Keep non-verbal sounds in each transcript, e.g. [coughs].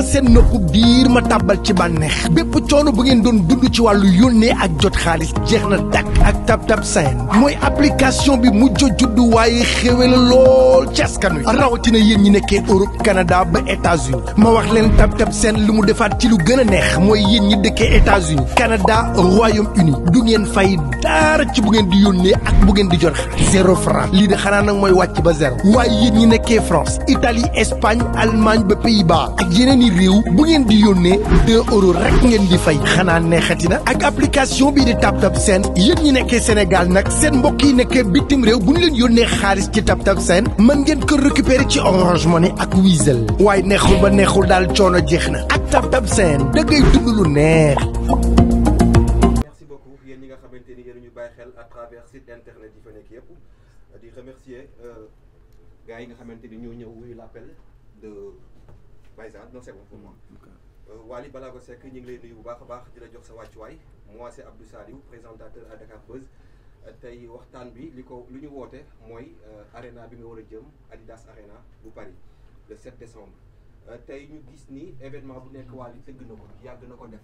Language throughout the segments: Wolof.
ma seen noppu biir ma tàbbal ci bànneex bépp coono bu ngeen doon dund ci wàllu yónnee ak jot xaalis jeex na dakk ak Tab Tab Send mooy application bi mu mujj juddu waaye xéwe la lool ci askan wi rawatina yéen ñi nekkee Europe Canada ba États-Unis ma wax leen Tab Tab Send li mu defaat ci lu gën a neex mooy yéen ñi dëkkee États-Unis Canada Royaume-Uni du ngeen fay dara ci bu ngeen di yónnee ak bu ngeen di jot xaalis zéro franc lii di xanaa nag mooy wàcc ba zéro waaye yéen ñi nekkee France Italie Espagne Allemagne ba biir réew bu ngeen di yónnee 2 euros rek ngeen di fay xanaa neexati na ak application bii di TapTap Send yéen ñi nekkee Sénégal nag seen mbokk yi nekkee bitim réew bu ñu leen yónnee xaalis ci TapTap Send man ngeen kër récupérer ci Orange Money ak Wizall waaye neexul ba neexul daal coono jeex na ak TapTap Send da ngay dund lu neex. beaucoup yéen ñi nga xamante ni yéen ñu bàyyi xel à travers site internet yëpp di remercier euh, gars yi nga xamante ni ñoo ñëw wuyu Baye Zane non c'est mm, euh, ñu ngi lay nuyu bu baax a baax di la jox sa wàccuwaay moi c'est Abdou Saliou présentateur à Dakar Buzz euh, tey waxtaan bi li ko lu ñu woote mooy euh, arena bi nga war a jëm Adidas Arena bu Paris le 7 décembre. tey ñu gis ni événement bu nekk Wally tëgg na ko yàgg na ko def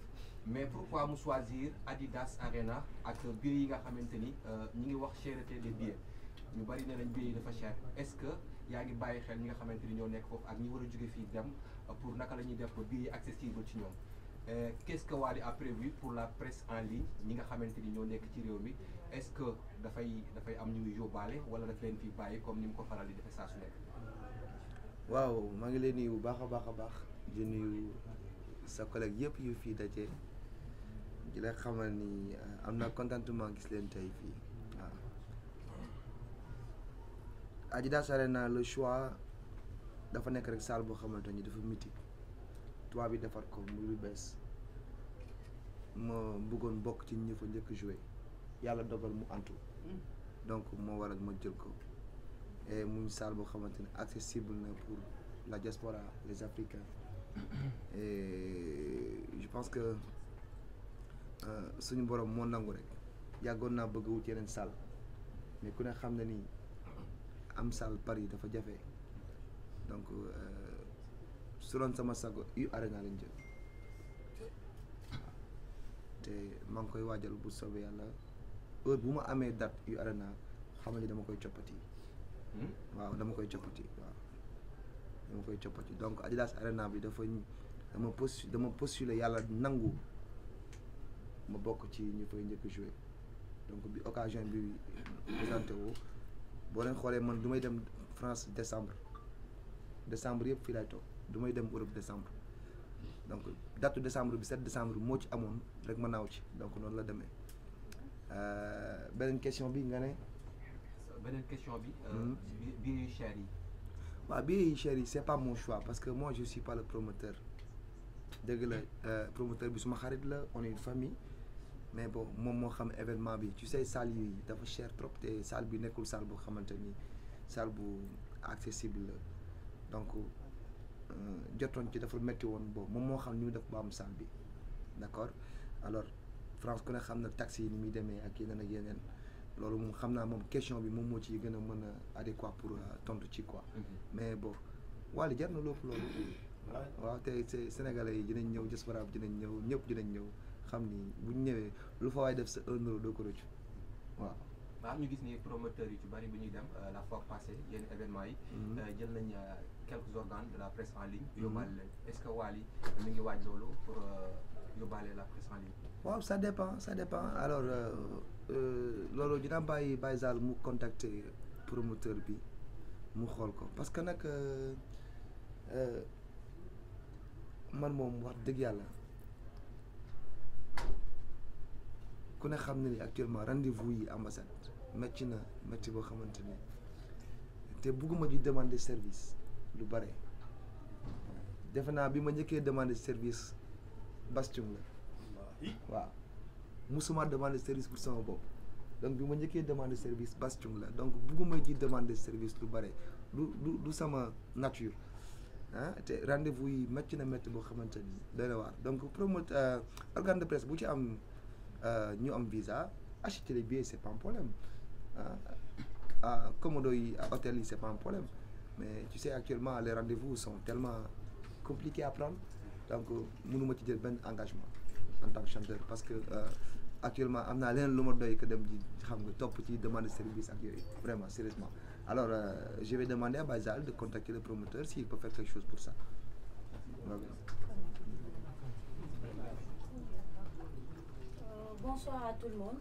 mais pourquoi mu choisir Adidas Arena ak billets yi nga xamante ni ñu ngi wax cherté des billets ñu bari ne nañ billets yi dafa cher est-ce que. yaa ngi bàyyi xel ñi nga xamante ni ñoo nekk foofu ak ñi war a jóge fii dem euh, pour naka la ñuy def ba biir yi accessible ci ñoom euh, qu'est-ce que Wally a pour la presse en ligne ñi nga xamante ni ñoo nekk ci réew mi est-ce que dafay dafay am ñu muy yóbbaale wala daf leen fi bàyyi comme ni mu ko faral di defee saa su nekk. waaw maa ngi leen nuyu bu baax a baax a baax di nuyu sa collègue yëpp yu fii daje di la xamal ni euh, am na contentement gis leen tey fii. Adidas naa le choix dafa nekk rek salle boo xamante ni dafa mythique tubaab bi defar ko mu lu bees ma bëggoon bokk ci ñi njëkk joué yàlla dogal mu antu mm. donc moo waral ma jël ko et muy salle boo xamante ne accessible na pour la diaspora les africains [coughs] et je pense que euh, suñu borom moo nangu rek yàggoon naa bëgg wut yeneen salle mais ku ne xam na nii am par yi dafa jafe donc euh, su doon sama sago yu arena lañ jël te maa ngi koy waajal bu soobee yàlla heure bu ma amee date yu arena xam ni dama koy coppati hmm? waaw dama koy coppati waaw dama koy coppati donc Adidas arena bi dafa dama postu dama postulé yàlla nangu ma bokk ci ñu fay njëkk jouer donc bi occasion bi présenté boo xoolee man du may dem France décembre décembre yëpp fii laay toog du dem Europe décembre donc date décembre bi 7 décembre moo ci amoon rek ma naaw ci donc noonu la demee euh, beneen question bi nga ne. beneen question bi. Euh, hmm? billets yu cher yi. waaw billets yu cher yi c'est pas mon choix parce que moi je par pas le promoteur dégg la euh, promoteur bi suma xarit la on est une famille. mais bon moom moo xam événement bi tu say salle yi dafa cher trop te salle bi nekkul salle boo xamante ni salle bu accessible la donc euh, jotoon ci dafa métti woon boobu moom moo xam ni mu def ba am salle bi d'accord alors France ku ne xam na taxi yi ni muy demee ak yeneen ak yeneen loolu moom xam naa moom question bi moom moo ci gën a mën a adéquat pour euh, tontu ci quoi. Mm-hmm. mais bon Wally jar na lépp loolu. waaw te Sénégalais yi dinañ ñëw diaspora bi dinañ ñëw ñëpp dinañ ñëw. xam ni buñ ñëwee lu fa waay def sa un euro doo ko rëccu waaw. waaw ñu gis ni promoteurs yu ci bari bu ñuy dem euh, la fois passée yenn événement yi. Mhm. Euh, jël nañ euh, quelques organes de la presse en ligne. Mhm. yóbbaale leen est-ce que Wally mi ngi waaj loolu pour yóbbaale la presse en ligne. waaw ça dépend ça dépend alors loolu dina bàyyi Baye Zal mu contacter promoteur bi mu xool ko parce que nag man moom wax dëgg yàlla. ku ne xam ne ni actuellement rendez-vous yi ambassade métti na métti boo xamante ne te bugguma ju demande service lu bare defe naa bi ma njëkkee demande service bastion la waaw musuma demander service pour sama bopp donc bi ma njëkkee demande service bastion la donc bugguma ji demande service lu bare lu lu lu sama nature ah te rendez-vous yi métti na métti boo xamante ni dana waar donc promote euh, organe de presse bu ci am Euh, ñu am visa acheter les billets c'est pas un problème ah euh, euh, commodo yi hôtel yi c'est pas un problème mais tu sais actuellement les rendez-vous sont tellement compliqués à prendre donc mënuma ci jël benn engagement en tant chanteur parce que actuellement am naa leneen lu ma doy que dem ji xam nga topp ci demande de service ak yooyu vraiment sérieusement alors je vais demander à Bazal de contacter le promoteur s'il peut faire quelque chose pour ça. bonsoir à tout le monde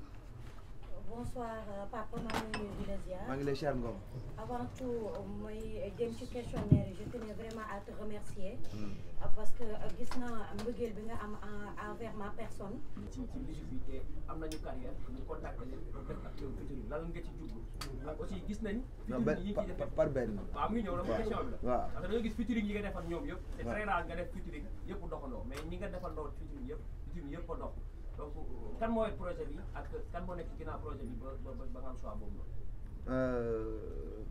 bonsoir euh, papa maa ngi nuyu di la ziar. maa ngi lay ziar Ngom. avant tout mooy jëm ci questionnaire yi je te remercier. Hmm. parce que euh, gis naa mbëggeel bi nga am envers ma personne. ci ci visibilité am gis nañ. futur par benn. waaw da nga gis futur yi nga defar ñoom nga def futur yëpp yëpp futur donc kan projet bi ak kan moo nekk ci ginnaaw projet boobu noonu. Euh,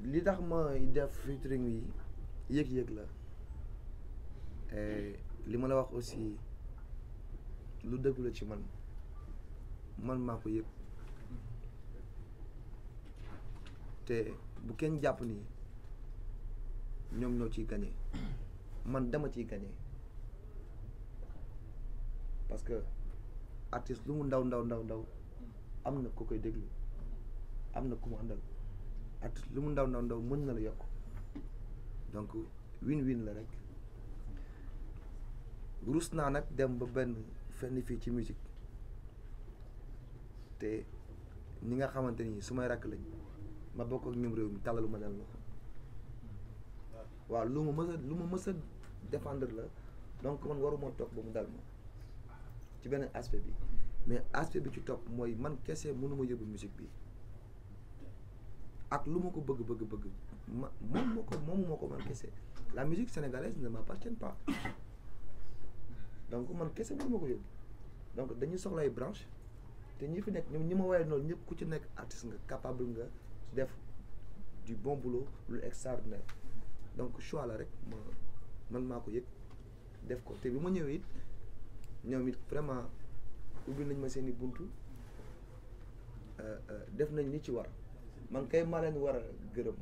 li tax ma def featuring yi yëg-yëg la li ma la wax aussi lu dëggu ci man man maa ko yëg te bu kenn jàpp ni ñoom ñoo ciy gañe man dama ciy gañe parce que artiste lu mu ndaw ndaw ndaw ndaw am na ku koy déglu am na ku mu àndal artiste lu mu ndaw ndaw ndaw mën na la yokk donc win-win la rek rus naa nag dem ba benn fenn fii ci musique te ni nga xamante ni su may rakk lañ ma bokk ak ñoom réew mi tàllalu ma leen loxo waaw lu ma mës lu ma mës a défendre la donc man waruma toog ba mu dal ma ci beneen aspect bi mais aspect bi ci topp mooy man kese mënuma yóbbu musique bi ak lu ma ko bëgg bëgg bëgg ma moom moo ko moom moo ko man kese la musique sénégalaise ne m'appartient pas donc man kese mënuma ko yóbbu donc dañuy soxla ay branche te ñi fi nekk ñoom ñi ma woowee noonu ñëpp ku ci nekk artiste nga capable nga def du bon boulot lu ne donc choix la rek ma man maa ko yëg def ko te bi ma ñëwee it ñoom it vraiment ubbi nañ ma seeni i buntu euh, euh, def nañ li ci war man kay maa leen war a gërëm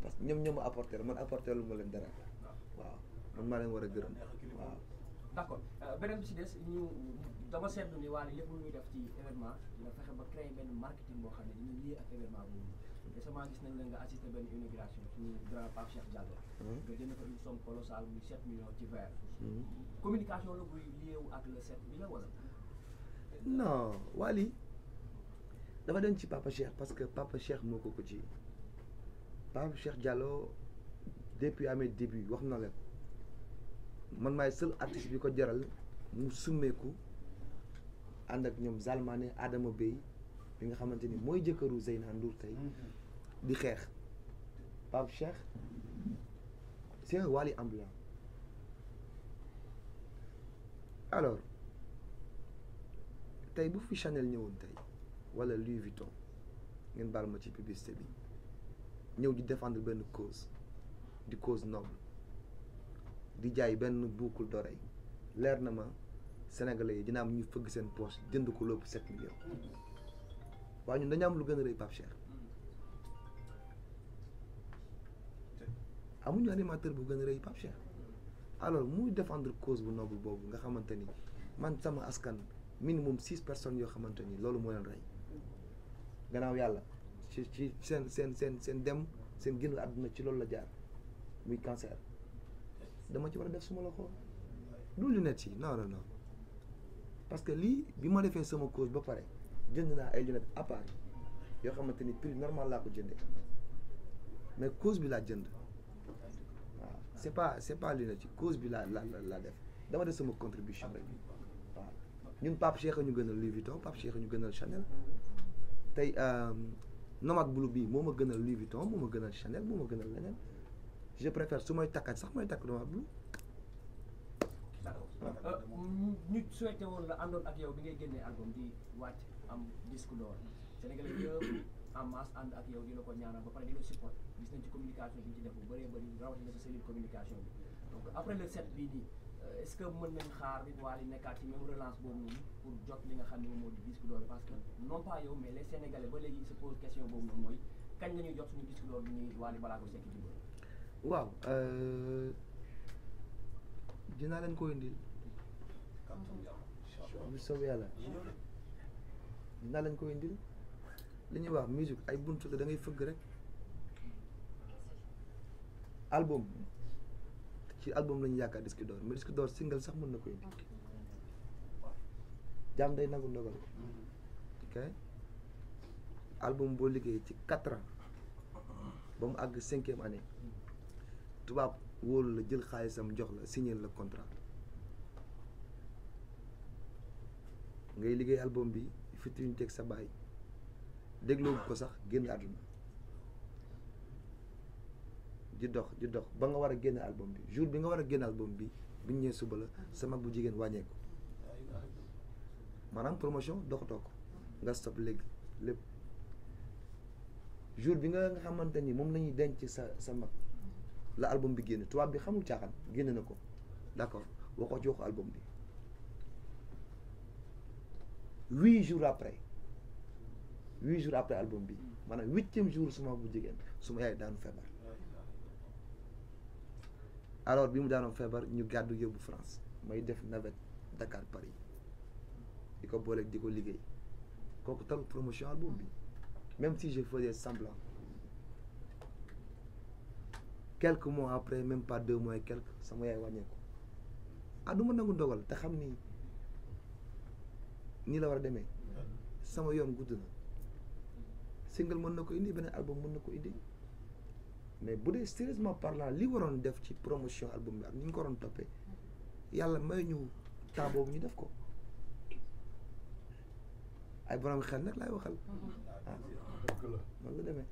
parce que ñoom ñoo ma apporter man apporter lu ma leen dara waaw man maa leen war a gërëm waaw. d' accord euh, beneen bi si des ñu dama seetlu ni waa lépp lu ñuy def ci événement dina fexe ba créer benn marketing boo xam ne dañuy lié ak événement boobu. récemment gis nañ la nga assisté benn inauguration suñu grand Pape Cheikh Diallo. nga jënd fa une la buy lié wu ak le non Wally dafa dem ci Papa Cheikh parce que Papa Cheikh moo ko ko ci Pape Cheikh Diallo depuis amee début wax na leen man maay seul artiste bi ko jaral mu summeeku ànd ak ñoom Zalmané Adama béy bi nga xamante ni mooy jëkkëru Zeyna Ndour tey mhm. di xeex Pape Cheikh c'est walli wali alors tey bu fi Chanel ñëwoon tey wala Louis Vuitton ngeen baal ma ci publicité bi ñëw di défendre benn cause di cause noble di jaay benn boucle d'oreille leer na ma sénégalais yi dina am ñu fëgg seen poche jënd ko lépp 7 millions waa ñun dañu am lu gën a rëy Pape Cheikh hmm. amuñu animateur bu gën a rëy Pape Cheikh alors muy defendre cause bu noble boobu nga xamante ni man sama askan minimum six personnes yoo xamante ni loolu moo leen rey gannaaw yàlla ci ci seen seen seen seen dem seen génn àdduna ci loolu la jaar muy cancer dama ci war a def suma ko du lunette yi non non non parce que lii bi ma defee sama cause ba pare. jënd naa ay lunettes yoo xamante ni prix normal laa ko jëndee mais cause bi laa jënd waaw c'est pas c'est pas lunette ci cause bi laa la laa def dama def sama contribution rek waaw ñun Pape a ñu gënal Louis Vuitton Pape a ñu gënal Chanel tey euh, Nomad Blue bi moo ma gënal Louis Vuitton moo ma a Chanel moo ma a leneen je préfère su may takkaat sax may takk Nomad Blue euh, ñu souhaité woon la àndoon ak yow bi ngay génnee album di wàcc am disque d'or sénégalais yëpp [coughs] en masse ànd ak yow di la ko ñaanal ba pare di la support gis nañ ci communication bi ñu ci def bu bëree bëri rawatina sa cellule communication bi donc après le set bii nii euh, est-ce que mën nañ xaar waa li nekkaat ci même relance boobu noonu pour jot li nga xam ne moom moo di disque d'or parce que non pas yow mais les sénégalais ba léegi se pose question boobu noonu mooy kañ la ñuy jot suñu disque d'or bi ñuy waa li balaa ko sekk jubal waaw euh, dinaa leen ko indil bu soobee yàlla naa lañ koy indil li ñuy wax musique ay bunt la da ngay fëgg rek album ci album la ñu yaakaar disque d'or mais disque d'or single sax mën na koy indi jaam day nangu ndogal ok album boo liggéey ci quatre ans ba mu àgg cinquième année tubaab wóolu la jël xaalisam jox la signé la contrat ngay liggéey album bi fitiriñu teg sa baay dégloo ko sax génn àdduna di dox di dox ba nga war a génn album bi jour bi nga war a génn album bi bu ñu ñëwee suba la sa mag bu jigéen wàññeeku maanaam promotion doxatoo ko nga stop léegi lépp jour bi nga nga xamante ni moom la ñuy denc sa sa mag la album bi génn tubaab bi xamul caaxaan génn na ko d'accord waxoo ci waxu album bi. huit jours après huit jours après album bi maanaam huitième jour suma bu jigéen suma yaay daanu feebar alors bi mu daanoo feebar ñu gàddu yóbbu France may def navette Dakar Paris di ko booleeg di ko liggéey kooku tam promotion album bi même si je faisais semblant quelques mois après même pas deux mois et quelques sama yaay wàññeeku adduma ah, du ma ndogal te xam ni. nii la war a demee sama yoon gudd na single mën na ko indi beneen album mën na ko indi mais bu dee sérieusement parlant li waroon def ci promotion album bi ak ni ñu ko waroon toppee yàlla may ñëw temps boobu ñu def ko ay borom xel nag laay waxal ah noonu la demee.